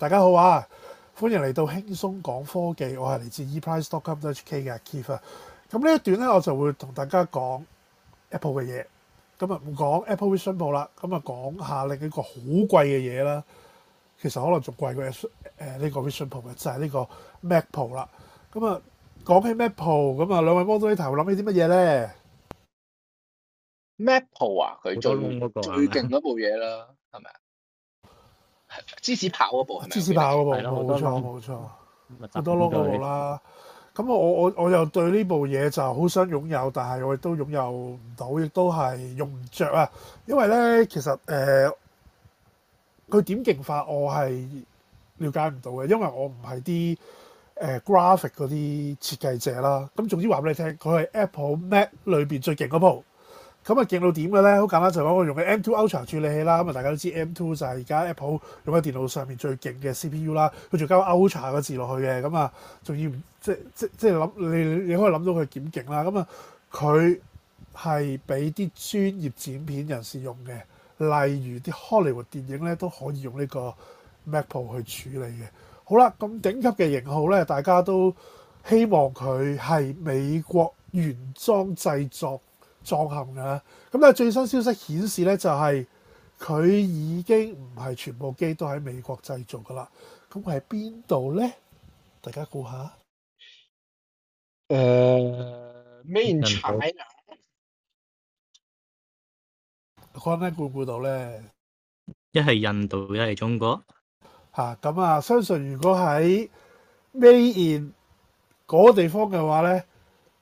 大家好啊，歡迎嚟到輕鬆講科技，我係嚟自 ePrice.com.hk 嘅 Kifer。咁呢、啊、一段咧，我就會同大家講 Apple 嘅嘢。咁啊，唔講 Apple Vision Pro 啦，咁啊，講下另一個好貴嘅嘢啦。其實可能仲貴過誒呢個 Vision Pro 嘅，就係、是、呢個 Mac Pro 啦。咁啊，講起 Mac Pro，咁啊、er，兩位 moderator 會諗起啲乜嘢咧？Mac Pro 啊，佢再最個個最勁嗰部嘢啦，係咪啊？芝士刨嗰部係咪？芝士刨嗰部，冇錯冇錯，好多咯部啦。咁、嗯、我我我又對呢部嘢，就好想擁有，但係我亦都擁有唔到，亦都係用唔着啊。因為咧，其實誒，佢點勁法我係了解唔到嘅，因為我唔係啲誒 graphic 嗰啲設計者啦。咁總之話俾你聽，佢係 Apple Mac 裏邊最勁嗰部。咁啊勁到點嘅咧？好簡單，就係我用嘅 M2 Ultra 處理器啦。咁啊，大家都知 M2 就係而家 Apple 用喺電腦上面最勁嘅 CPU 啦。佢仲加個 Ultra 個字落去嘅，咁啊，仲要即即即諗你你，你可以諗到佢點勁啦。咁啊，佢係俾啲專業剪片人士用嘅，例如啲 Hollywood 電影咧都可以用呢個 Mac Pro 去處理嘅。好啦，咁頂級嘅型號咧，大家都希望佢係美國原裝製作。裝嵌嘅咁咧，最新消息顯示咧，就係、是、佢已經唔係全部機都喺美國製造噶啦。咁佢喺邊度咧？大家估下。誒、uh，Main China。講咧估唔估到咧？一係印度，一係中國。嚇、啊！咁啊，相信如果喺 Main 嗰個地方嘅話咧。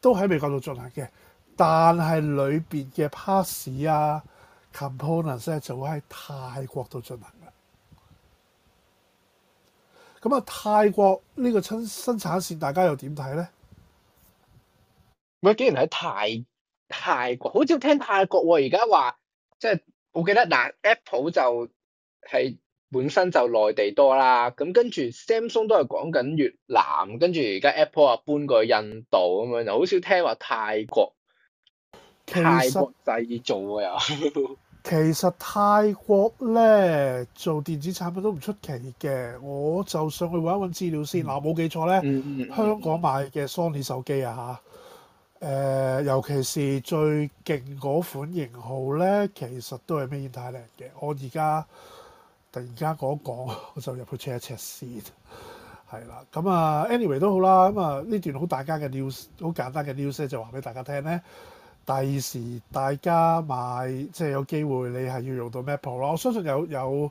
都喺美國度進行嘅，但係裏邊嘅 pass 啊 components 咧，啊、就會喺泰國度進行啦。咁啊，泰國呢個生生產線大家又點睇咧？喂，竟然喺泰泰國，好少聽泰國喎、啊。而家話即係我記得嗱，Apple 就係、是。本身就內地多啦，咁跟住 Samsung 都係講緊越南，跟住而家 Apple 啊搬過去印度咁樣，就好少聽話泰國。泰國其實製造喎，其實泰國咧做電子產品都唔出奇嘅，我就上去揾一揾資料先。嗱、嗯，冇、啊、記錯咧，嗯嗯、香港買嘅 Sony 手機啊嚇，誒、呃、尤其是最勁嗰款型號咧，其實都係 Made in Thailand 嘅。我而家。而家講講，我就入去 check 一 check 先，係啦。咁啊，anyway 都好啦。咁啊，呢段好大家嘅 news，好簡單嘅 news 咧，就話俾大家聽咧。第二時大家買即係有機會，你係要用到 Mac Pro 啦。我相信有有誒、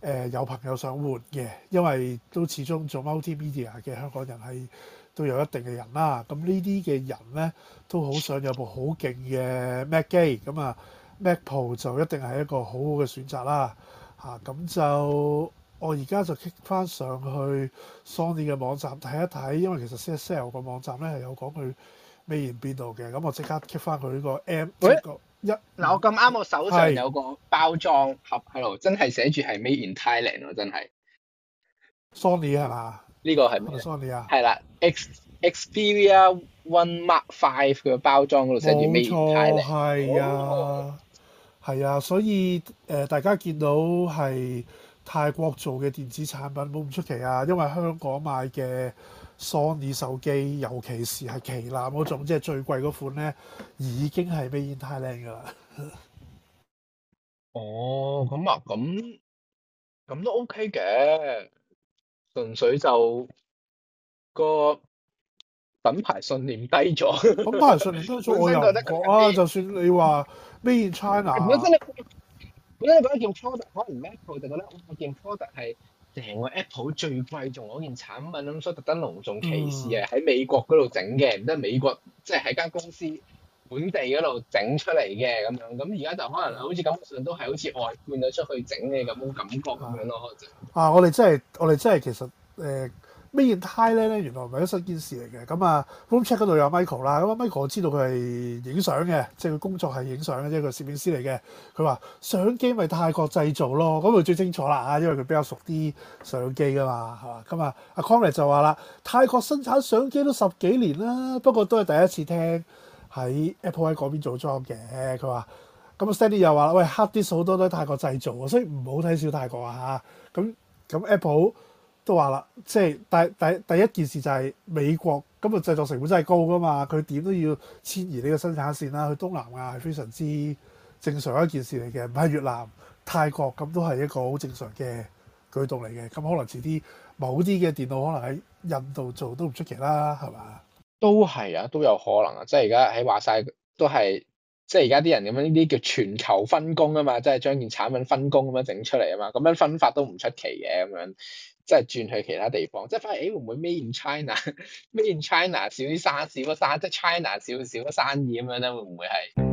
呃、有朋友想換嘅，因為都始終做 multimedia 嘅香港人係都有一定嘅人啦。咁呢啲嘅人咧都好想有部好勁嘅 Mac 機咁啊，Mac Pro 就一定係一個好好嘅選擇啦。啊，咁就我而家就 kick 翻上去 Sony 嘅網站睇一睇，因為其實 CSL 個網站咧係有講佢 made in 邊度嘅，咁我即刻 kick 翻佢呢個 M p 一、欸，嗱、嗯啊、我咁啱我手上有個包裝盒 h e 是真係寫住係 made in Thailand 喎，真係。Sony 係嘛？呢個係咩？Sony 啊？係啦，X Xperia One Mark 5嘅包裝嗰度寫住錯 made in Thailand 係啊。係啊，所以誒、呃，大家見到係泰國做嘅電子產品冇唔出奇啊，因為香港買嘅 Sony 手機，尤其是係旗艦嗰種，即係最貴嗰款咧，已經係 made in Thailand 㗎啦。 哦，咁啊，咁咁都 OK 嘅，純粹就個。品牌信念低咗，品牌信念低咗 我又覺啊，就算你話咩 China，我覺得你覺得叫 product，可能 Apple 就覺得我件 product 係成個 Apple 最貴重嗰件產品，咁所以特登隆重其事啊，喺美國嗰度整嘅，唔得，嗯、美國即係喺間公司本地嗰度整出嚟嘅咁樣，咁而家就可能好似感覺上都係好似外判咗出去整嘅咁種感覺，樣啊，覺啊，我哋真係我哋真係其實誒。呃咩嘢泰咧咧，原來唔係一新件事嚟嘅。咁啊，Room Check 嗰度有 Michael 啦。咁啊，Michael 我知道佢係影相嘅，即係佢工作係影相嘅，即係佢攝影師嚟嘅。佢話相機咪泰國製造咯。咁佢最清楚啦，啊，因為佢比較熟啲相機噶嘛，係嘛？咁啊，阿 Conrad 就話啦，泰國生產相機都十幾年啦，不過都係第一次聽喺 Apple 喺嗰邊組裝嘅。佢話咁啊，Stanley 又話啦，喂，Harddisk 好多都係泰國製造，所以唔好睇小泰國啊嚇。咁咁 Apple。都話啦，即係第第第一件事就係美國咁嘅、那個、製作成本真係高㗎嘛，佢點都要遷移呢個生產線啦、啊，去東南亞係非常之正常一件事嚟嘅，唔係越南、泰國咁都係一個好正常嘅舉動嚟嘅，咁可能遲啲某啲嘅電腦可能喺印度做都唔出奇啦，係嘛？都係啊，都有可能啊，即係而家喺話晒都係。即係而家啲人咁樣，呢啲叫全球分工啊嘛，即係將件產品分工咁樣整出嚟啊嘛，咁樣分法都唔出奇嘅咁樣，即係轉去其他地方，即係反而，誒、欸、會唔會 Made in China，Made in China 少啲生意少啲生意，即係 China 少少生意咁樣咧，會唔會係？